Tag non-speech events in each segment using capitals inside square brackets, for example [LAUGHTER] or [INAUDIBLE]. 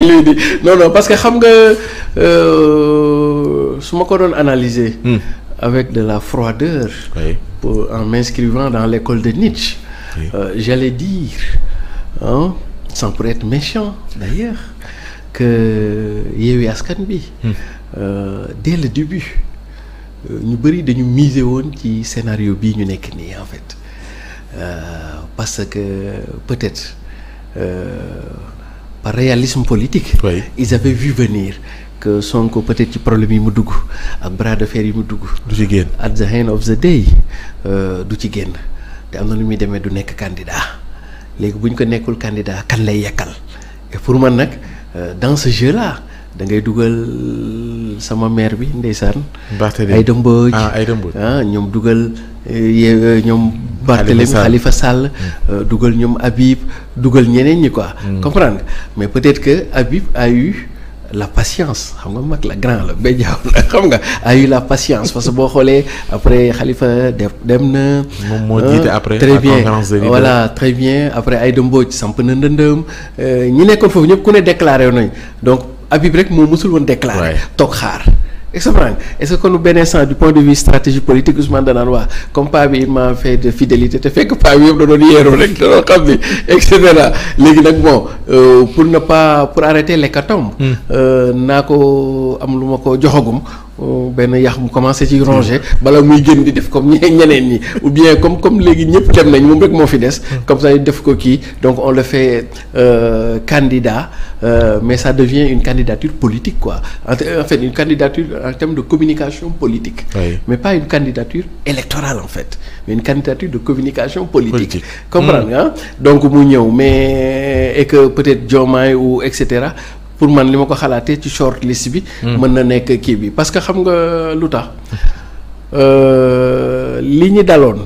lii di parce que xam nga euh, su ma ko doon analyser. Hmm. avec de la froideur. Oui. pour en m'inscrivant dans l'école de Nietzsche. Oui. Euh, j'allais dire hein, sans pour être méchant d'ailleurs que Yewwi Askan Wi. Hmm. Euh, dès le début euh, ñu bëri dañu miser woon ci scénario bii ñu nekk nii en fait euh, parce que peut-être. réalisme politique. Oui. ils avaient vu venir que Sonko peut-être ci problème yi mu dugg ak bras de fer yi mu dugg. du ci génn at the end of the day euh, du ci génn te am na lu muy demee du nekk candidat léegi bu ñu ko nekkul candidat kan lay yekkal pour man nag euh, dans ce jeu là. da ngay dugal sama maire bi ndeysaan ay dëmbëj ah, ah ñoom dugal eh, ye eh, ñoom Barthélemy Khalifa Sall mm. euh, dugal ñoom Habib dugal ñeneen ñi quoi mm. comprendre mais peut-être que Habib a la patience xam nga mag la grand la ba xam nga a la patience parce boo xoolee après xalifa def dem na. moom moo jiite après très bien voilà très bien après ay Mbodj samp na ndëndëm euh, ñi nekkoon foofu ñëpp ku ne déclaré nañ donc. Habib rek moo mësul woon déclaré toog xaar est-ce que est-ce que kon benn instant du point de vue stratégie politique Ousmane danaan waa comme paa bi m'a fait de fidélité te fekk paa bi yëpp da doon yeeroo rek da doon xam ni et léegi nag bon euh, pour ne pas pour arrêter l'hécatombe hmm. euh, naa ko am lu ma ko joxagum benn yàq mu commencé ci ronger bala muy gën di def comme ñeneen ñi ou bien comme comme léegi ñëpp dem nañ moom rek moo fi des comme ça def ko kii donc on le fait euh, candidat euh, mais ça devient une candidature politique quoi en fait une candidature en termes de communication politique mais pas une candidature électorale en fait mais une candidature de communication politique comprendre nga hmm. donc mu ñëw mais et que peut-être Diomaye ou et cetera pour man li ma ko xalaatee ci short list bi. Hmm. mën na nekk kii bi parce que xam nga lu tax euh, li ñu daloon.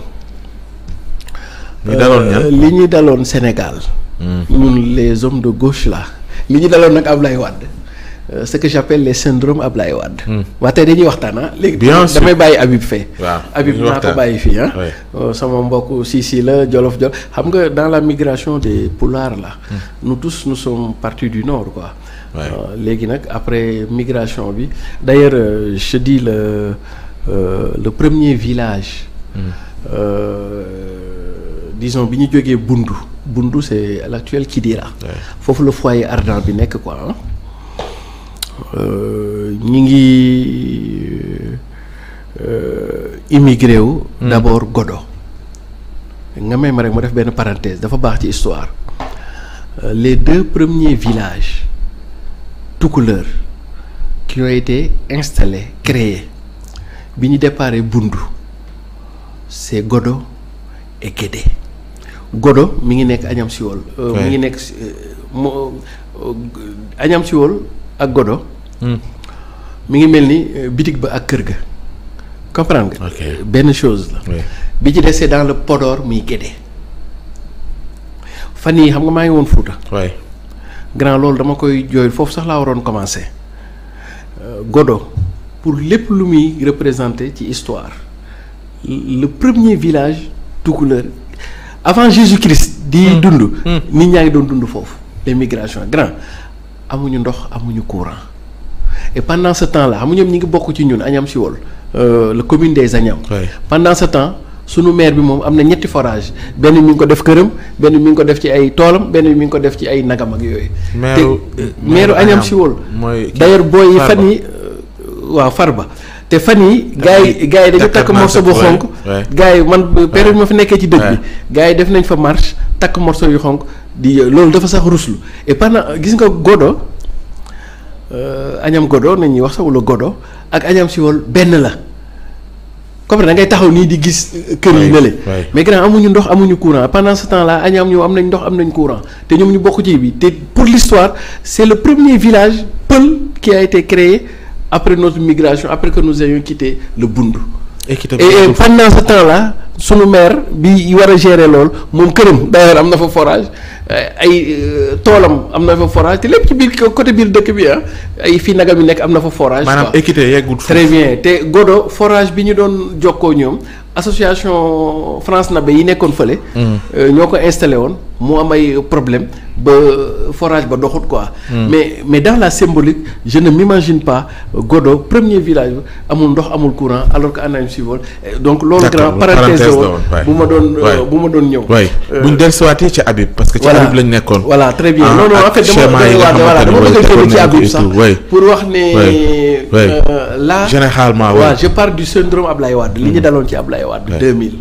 li euh, ñu daloon Sénégal. Hmm. ñun les hommes de gauche là li ñu daloon nag lay Wade. Euh, ce que j'appelle les syndromes Ablaye Wade. Hmm. waa tey dañuy waxtaan ah. léegi damay bàyyi Habib Faye. waaw naa ko bàyyi fii ah. Oh, sama mbokk Sisi la Jolof Jolof xam nga dans la migration des Pulaar la hmm. nous tous nous sommes partis du nord quoi. Euh, léegi nag après migration bi d'ailleurs euh, je dis le le premier village. Hmm. disons bi ñu jógee Bundu Bundu c'est l'actuel Kidira. foofu le foyer ardent bi nekk quoi Euh, ñi ngi euh, immigré wu. Hmm. d'abord godo. nga may ma rek ma def benn parenthèse dafa baax ci histoire euh, les deux premiers villages toucouleur qui ont été installés créés bi ñu déparé Bundu c'est Godo et Guédé Godo mi ngi nekk Agnam Siwol mi ngi nekk mo Agnam Siwol ak Godo Hmm. mi ngi mel ni euh, bitig ba ak kër ga. comprendre nga. benn chose la. bi ci desee dans le Podor muy Guédé. fan yii xam nga maa ngi woon Fouta. waay grand loolu dama koy jooy foofu sax laa waroon commencer. Euh, Godo pour lépp lu muy représenter ci histoire le premier village toucouleur avant Jésus-Christ. di hmm. dund. Hmm. nit ñaa ngi doon dund foofu. les migrations grand amuñu ndox amuñu courant. et pendant temps là xam ñoom ñi ngi bokk ci ñun Agnam Siwol euh, la commune des Agnam pendant ce temps sunu maire bi moom am na ñetti forage benn mi ngi ko def këram benn mi ngi ko def ci ay toolam benn mi ngi ko def ci ay nagam ak yooyu. te euh, maire Agnam Siwol mooy d'ailleurs booy fan yi euh, waaw far ba te fan yi gars yi gars yi dañu takk morceau bu xonk gars yi man période ma fi nekkee ci dëj bi gars yi def nañ fa marche takk morso yu xonk di loolu dafa sax ruslu et gis nga godo Euh, añam godo nañ ñuy wax sax wala godo ak añam siwol benn la comme da ngay taxaw nii di gis euh, kër yi nele mais grand amuñu ndox amuñu courant pendant ce temps là añam ñoom am nañ ndox am nañ courant te ñoom bokk ci bi te pour l'histoire c'est le premier village peul qui a été créé après notre migration après que nous ayons le Bundu et pendant ce temps là maire bi war a gérer lool moom këram d'ailleurs am na fa forage Eh, ay euh, toolam am na fa forage te lépp ci biir coté biir dëkk bi ah ay fii nagam yi nekk am na fa forage. maanaam équité yeggul très bien te Godo forage bi ñu doon jokkoo ñoom association France na ba yi nekkoon fële. Hmm. Euh, ñoo ko installé woon mu am ay problème ba forage ba doxut ko hmm. mais mais dans la symbolique je ne m'imagine pas Godo premier village amul ndox amul courant alors que Anahim Civol eh, donc loolu. grand parenthèse la bu ma doon ñëw. waay bu ñu dellusiwaatee ci Habib Habib lañ nekkoon. voilà très bien ah, non non en dama bëgg a pour wax ne. Euh, là généralement waaw je du syndrome Ablaye Wade li ñu mm. ci Ablaye Wade 2000.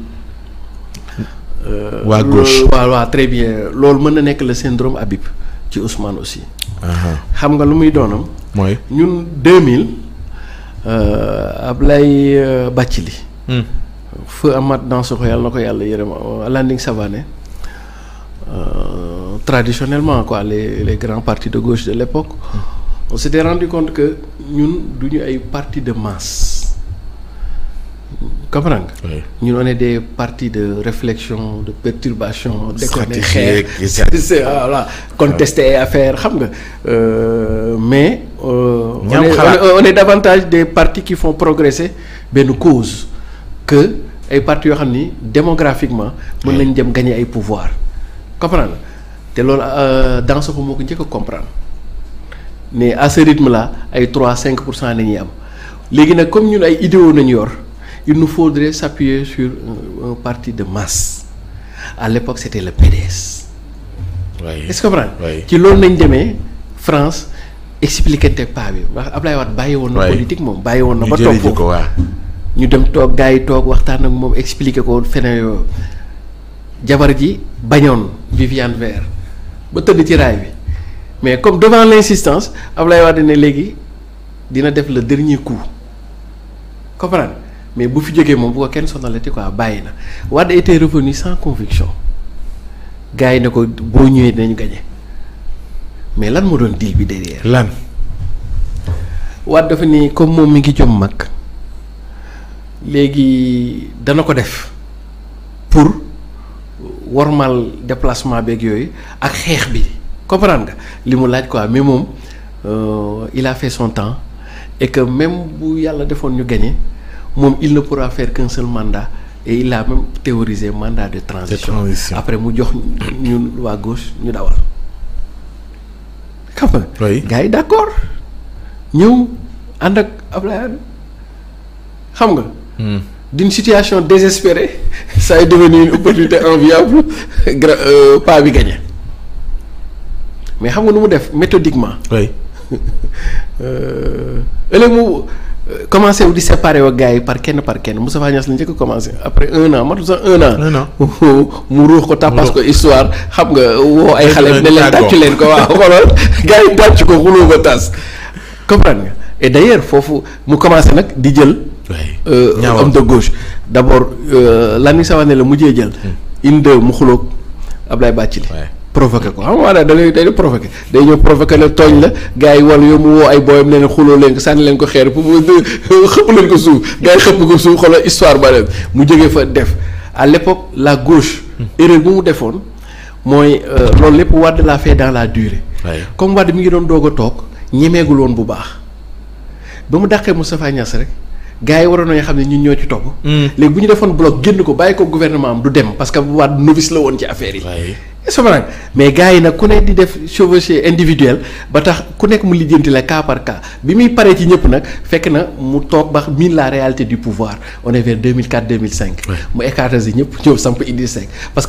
Euh, waa gauche mën na nekk le syndrome Habib ci Ousmane aussi. xam nga lu muy doonam. mooy ñun 2000 euh, Ablaye Bathily. Hmm. feu Amath Dansokho yàlla na ko yàlla yërëm Landing Savané. euh, traditionnellement quoi les les grands partis de gauche de l'époque on s'était rendu compte que ñun du ñu ay parti de masse comprendre nga ñun on de des de réflexion de perturbation déconner [LAUGHS] xeer voilà contester affaire xam nga euh, mais euh, on, est, on, on est davantage des partis qui font progresser benn cause que ay partis yoo xam ni démographiquement mën nañ dem gagner ay pouvoir comprendre te loolu euh, Dansokho moo ko njëkk a comprendre mais à ce rythme ay 3 5 pour cent la am léegi nag comme ñun ay idéaux nañu yor il nous faudrait s'appuyer sur un parti de masse à l'époque c'était le PDS. waay est ci loolu nañ demee France expliqué te pas bi ndax Ablaye Wade bàyyi woon na. politique moom bàyyi woon na. ba toog ñu dem toog gars yi toog waxtaan ak moom expliqué ko feneen yooyu. jabar ji bañoon Viviane Were ba tëdd ci raay bi mais comme devant l'insistance Ablaye Wade ne léegi dina def la dernier coup comprendre mais bu fi jógee moom bu ko kenn sonalati quoi bàyyi na Wade était revenu sans conviction gars yi ne ko boo ñëwee dinañu gagné mais lan moo doon deal bi derrière. lan Wade dafa ni comme moom mi ngi jom mag léegi dana ko def pour. wormal déplacement beeg yooyu ak xeex bi comprendre nga li mu laaj quoi mais moom euh, il a fait temps et que même bu yàlla defoon ñu gagné moom il ne pour faire qu'un seul mandat et il a même théorisé mandat de transition, de après mu jox ñun waa gauche ñu dawal xam nga gars yi d'accord ñëw ànd ak Abdoulaye xam nga hmm. d'une situation désespérée [LAUGHS] ça est devenu une opportunité enviable [LAUGHS] gra euh, bi gagné mais xam nga nu mu def méthodiquement. oui [LAUGHS] euh, mu euh, commencé wu di séparer wa gars yi par kenn par kenn Moustapha Niass la njëkk a commencé après un an matu sax un un an mu ruux ko tàppas ko histoire xam nga woo ay xale. ne leen tàccu leen ko waaw xoolal gars yi ko xuloo ba tas comprendre nga et d' foofu mu commencé nag di jël. Euh, homme de gauche d' abord euh, Landing Savané la mujjee jël. inde hmm. mu xuloog Ablaye Bathily. provoqué ko xam nga maanaam da lay day provoqué day ñëw provoqué ne tooñ la gars yi wala yow mu woo ay booyam leen xuloo leen ko sànni leen ko xeer [LAUGHS] ko suuf gars yi xëpp ko mu jógee fa def à l' la gauche. Hmm. erreur bu mu defoon mooy euh, loolu lépp Wade laa fait dans la durée. comme Wade mi ngi doon doog a toog ñemeegul woon bu baax ba mu dàqee Moustapha Niass rek. gars yi waroon nañu xam ne ñun ñoo ci topp. Hmm. léegi bu ñu defoon bloc génn ko bàyyi ko gouvernement am du dem parce que waat novice la woon ci affaire yi. waaye mais gars yi nag ku nekk di def chevauchée individuelle ba tax ku nekk mu lijjanti la cas par cas bi muy paree ci ñëpp nag fekk na mu toog ba miin la réalité du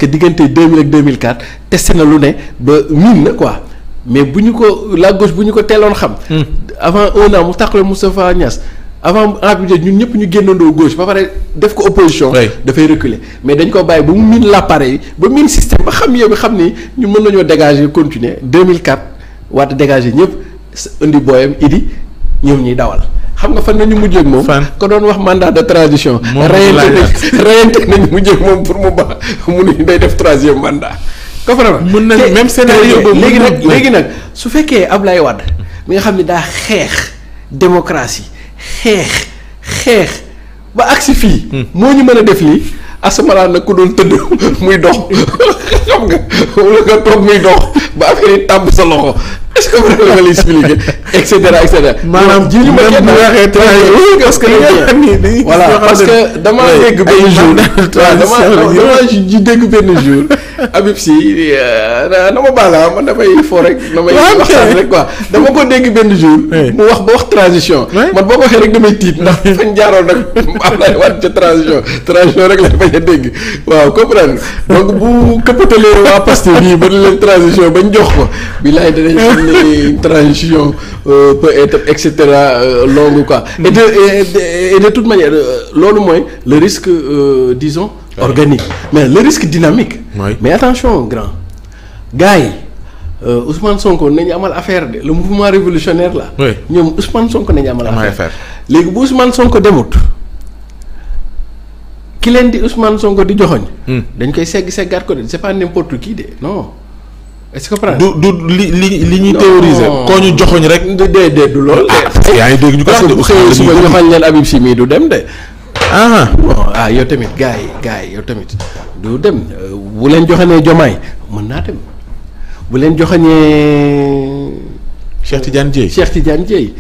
que diggante 2000 na lu ne ba mais bu ñu ko la gauche bu ñu ko teeloon xam. Hmm. avant un an mu tàqale Moustapha Niass. avant en budget ñun ñëpp ñu génnandoo gauche ba pare def ko opposition. dafay reculer mais dañ ko bàyyi ba mu miin l'appareil ba miin système ba xam xam ni ñu mën nañoo dégager continuer 2004 waat dégager ñëpp indi booyam idi ñëw ñuy dawal. xam nga fan nañu mujjee ak moom ko doon wax mandat de transition rayante rayante nañu [LAUGHS] mu ak moom pour mu baax mu ñu day def troisième mandat comprendre mën na même scénario boobu léegi nag léegi nag su fekkee Ablaye Wade mi nga xam ne daa xeex démocratie xeex xeex ba agsi fii. Hmm. moo ñu mën a def lii asamaan nag ku doon tëdd [LAUGHS] muy dox [LAUGHS] xam nga wala nga toog muy dox ba affaire yi sa loxo est-ce que mën nga leen expliquer [LAUGHS] et cetera et cetera. maanaam ji li ma kenn waxee euh, ah, rek damay ko dégg benn jour mu wax ba wax transition waxee ndax fañ jaaroon [LAUGHS] transition transition rek lay a dégg waaw bu këppatalee waa Pastef bii ba leen transition bañ jox ko bilaay danañ [LAUGHS] les transitions euh, peut euh, de et de, et de toute manière euh, loolu mooy le risque euh, dison organique mais le risque dynamique. Oui. mais attention grand gars yi. Euh, Ousmane Sonko nañu amal affaire de le mouvement révolutionnaire la oui ñoom Ousmane Sonko nañu amal affaire léegi bu Ousmane Sonko demut ki leen di Ousmane Sonko di joxoñ hmm. dañ koy segg seggaat ko de c'est pas n'importe qui de non. est-ce que du du li li li ñuy théoriser. koo ñu joxoñ rek. déedéet du loolu de. Ah, yaa ngi dégg ñu parce que bu xëyee suba joxoñ leen Habib Sy mii du dem de. ah ah. ah yow tamit gars yi gars yi yow tamit du dem euh, bu leen joxanee jomaay mën naa dem bu leen joxañee Cheikh Tidiane Dieye Cheikh Tidiane Dieye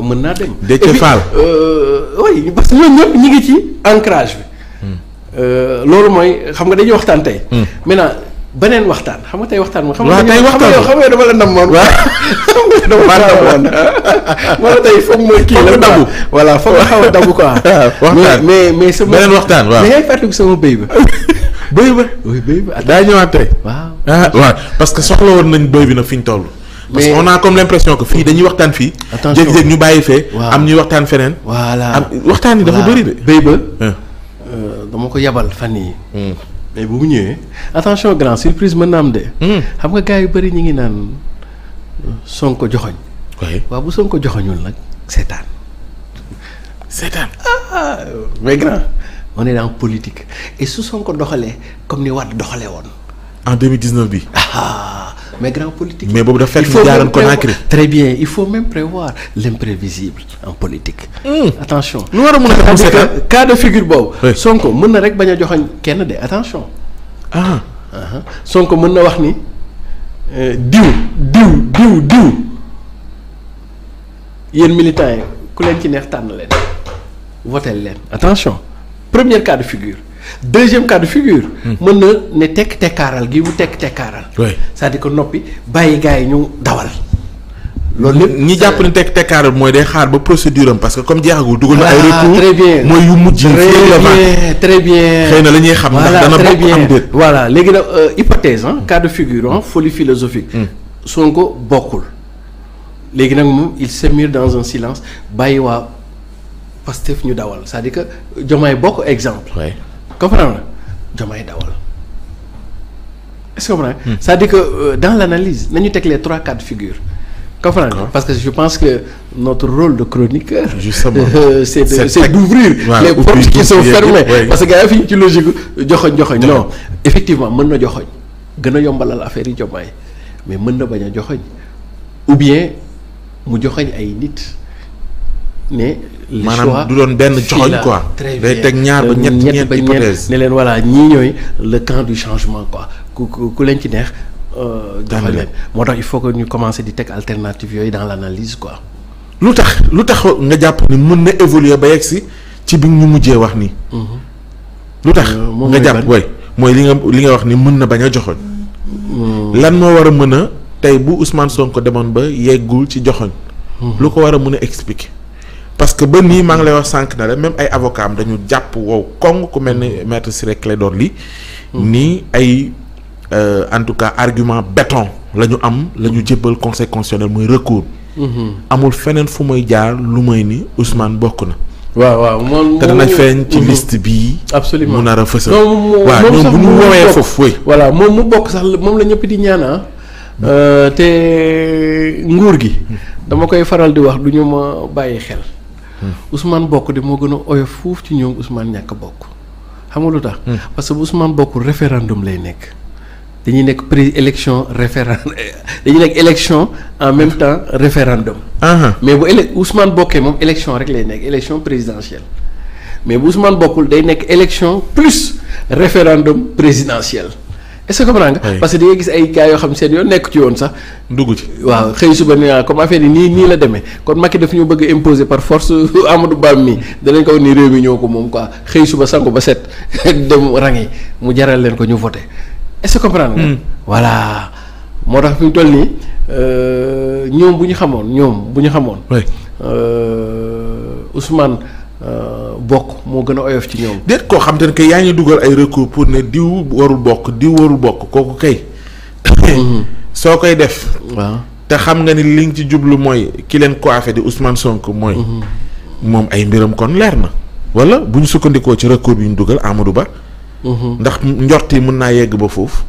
mën naa dem. Déthié Fall euh, oui parce que ñoom ngi ci encrage bi. Hmm. Euh, loolu mooy xam nga dañuy waxtaan tey. Hmm. maintenant. beneen waxtaan xam nga tey waxtaan moom. waaw tey waxtaan moom xam nga tey foog ma kii la dabu a dabu quoi. [LAUGHS] waxtaan mais mais sama beneen waxtaan waaw. da ngay ba. [LAUGHS] béy ba oui béy ba. daa ñëwaat tey. Ah, woon nañ béy bi nag fi ñu toll. parce que on a comme dañuy waxtaan fii. attention ñu bàyyi fee. am ñuy waxtaan feneen. voilà waxtaan yi dafa bëri de. béy ah. euh, dama ko yabal fan yi hmm. mais bu mu ñëwee attention grand surprise mën naam am de. Hmm. xam nga gars yu bëri ñu ngi naan Sonko joxoñ. waaw bu Sonko joxoñul nag seetaan. seetaan ah mais grand on est dans politique et su ko doxalee comme ni Wade doxalee woon. en 2019 bi. Ah, mais grand politique. mais boobu dafa fekk ñu jaaroon Conakry. très bien il faut même prévoir l'imprévisible en politique. Hmm. attention lu war a mën a xam c'est cas de figure boobu. Sonko mën na rek bañ a joxoñ kenn de attention. ah uh-huh. Sonko mën na wax ni euh, diw diw diw diw yéen militants yi ku leen ci neex tànn leen votel leen attention premier cas de figure. deuxième cas de figure. Hmm. mën na ne tekk tekkaaral gi mu tekk tekkaaral. oui cest à noppi bàyyi gars yi ñu dawal. loolu lépp ñi jàpp ne tekk tekkaaral mooy day xaar ba procédure am parce que comme jeexagul dugal na ay recours bien la ñuy xam ndax dana am déet. voilà léegi nag euh, hypothèse ah cas de figure ah bokkul. léegi nag moom il s'est dans un silence bàyyi waa Pastef ñu dawal c'est-à-dire que bokk exemple. comprendre Diomaye dawal est-ce que comprendre hmm. cest dire que euh, dans l'analyse nañu teg les trois cas de figure comprendre parce que je pense que notre rôle de chroniqueur [LAUGHS] euh, c'est de c'est d'ouvrir ouais, les portes qui sont parce que gars yi fi ñu ci logique joxoñ joxoñ non effectivement mën na joxoñ gën a yombalal affaire yi Diomaye mais mën na bañ a joxoñ ou bien mu joxoñ ay nit ne. maanaam du doon benn joxoñ quoi day teg ñaar ba ñett ñeent hypothèse ne leen voilà ñii ñooy le camp du quoi ku ku leen ci neex. Euh, joxal leen moo tax il faut ñu commencer di teg alternative yooyu dans l'analyse quoi. lu tax lu tax nga jàpp ni mën na évoluer ba yegg si ci bi ñu mujjee wax nii. Mhm. lu tax euh, nga jàpp woy mooy li nga li nga wax ni mën na bañ a joxoñ hmm. lan moo war a mën a tey bu Ousmane Sonko demoon ba yeggul ci joxoñ hmm. lu ko war a mën a expliquer. parce que ba nii maa ngi lay wax sànq na la même ay avocat am dañu jàpp wow kong ku mel ni maître Ciré Clédor li hmm. nii ay euh, en tout cas argument béton la ñu am la ñu jébbal conseil constitutionnel muy recours hmm. amul feneen fu may jaar lu may ni Ousmane bokk na waaw waaw moom te dana feeñ ci hmm. liste bii. absolument mu bokk sax moom la ñëpp di ñaan ah. euh, te nguur gi. dama koy faral di wax du ñu ma bàyyi xel. Ousmane bokk de moo gën a oyof fuuf ci ñëw Ousmane ñàkk bokk xam tax. Hmm. parce que bu Ousmane bokkul référendum lay nekk. dañuy nekk pré élection référendum [LAUGHS] dañuy nekk élection en même ah. temps référendum. Ah, ah. mais bu élec Ousmane bokkee moom élection rek lay nekk élection présidentielle. mais bu Ousmane bokkul day nekk élection plus référendum présidentielle est-ce que nga. parce que di nga gis ay gars yoo xam seen yoon nekk ci yoon sax. dugg ci waaw xëy suba ni comme affaire yi nii nii la demee kon Macky daf ñu bëgg a par force [LAUGHS] Amadou Ba mii danañ ko wax ni réew mi ñëw ko moom ko xëy suba sangu ba set [LAUGHS] dem rang yi mu jaral leen ko ñu voté est-ce que nga. Hmm. voilà moo tax fi mu toll nii euh, ñoom bu ñu xamoon ñoom bu ñu xamoon. Euh, Ousmane. Euh, bokk moo gën a oyof ci ñoom. déet koo xam te ne que yaa ngi dugal ay recours pour ne diw warul bokk diw warul bokk kooku kay. Mhm. [LAUGHS] soo koy def. waaw te xam nga ni li nga ci jublu mooy ki leen coiffé di Ousmane sonk mooy. Mhm. moom ay mbiram kon leer na. wala bu ñu sukkandikoo ci recours bi ñu dugal Amadou Ba. Mhm. ndax njort yi mën naa yegg ba foofu.